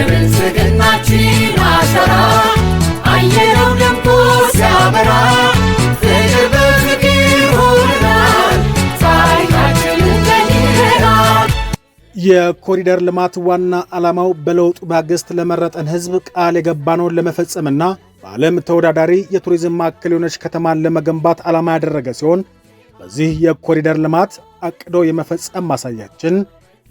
የብልጽግናችን አሻራ አየረው ደምቆ ሲያበራ ፍቅር በፍቅር ሆነናል። ታሪካችን የኮሪደር ልማት ዋና ዓላማው በለውጡ ማግስት ለመረጠን ህዝብ ቃል የገባነውን ለመፈጸምና በዓለም ተወዳዳሪ የቱሪዝም ማዕከል የሆነች ከተማን ለመገንባት ዓላማ ያደረገ ሲሆን በዚህ የኮሪደር ልማት አቅዶ የመፈጸም ማሳያችን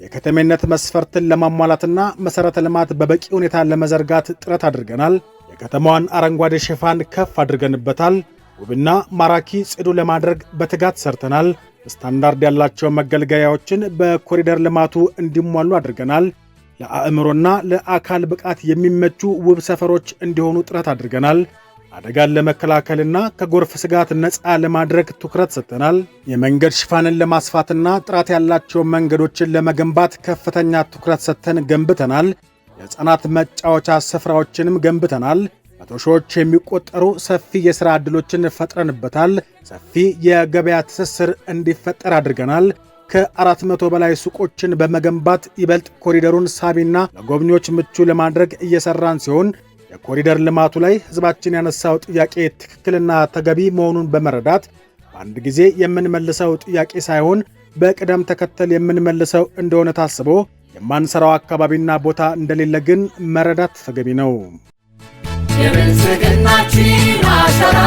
የከተሜነት መስፈርትን ለማሟላትና መሠረተ ልማት በበቂ ሁኔታ ለመዘርጋት ጥረት አድርገናል። የከተማዋን አረንጓዴ ሽፋን ከፍ አድርገንበታል። ውብና ማራኪ ጽዱ ለማድረግ በትጋት ሰርተናል። ስታንዳርድ ያላቸው መገልገያዎችን በኮሪደር ልማቱ እንዲሟሉ አድርገናል። ለአእምሮና ለአካል ብቃት የሚመቹ ውብ ሰፈሮች እንዲሆኑ ጥረት አድርገናል። አደጋን ለመከላከልና ከጎርፍ ስጋት ነፃ ለማድረግ ትኩረት ሰጥተናል። የመንገድ ሽፋንን ለማስፋትና ጥራት ያላቸው መንገዶችን ለመገንባት ከፍተኛ ትኩረት ሰጥተን ገንብተናል። የሕፃናት መጫወቻ ስፍራዎችንም ገንብተናል። መቶ ሺዎች የሚቆጠሩ ሰፊ የሥራ ዕድሎችን ፈጥረንበታል። ሰፊ የገበያ ትስስር እንዲፈጠር አድርገናል። ከአራት መቶ በላይ ሱቆችን በመገንባት ይበልጥ ኮሪደሩን ሳቢና ለጎብኚዎች ምቹ ለማድረግ እየሰራን ሲሆን የኮሪደር ልማቱ ላይ ህዝባችን ያነሳው ጥያቄ ትክክልና ተገቢ መሆኑን በመረዳት በአንድ ጊዜ የምንመልሰው ጥያቄ ሳይሆን በቅደም ተከተል የምንመልሰው እንደሆነ ታስቦ የማንሰራው አካባቢና ቦታ እንደሌለ ግን መረዳት ተገቢ ነው። የብልጽግናችን አሻራ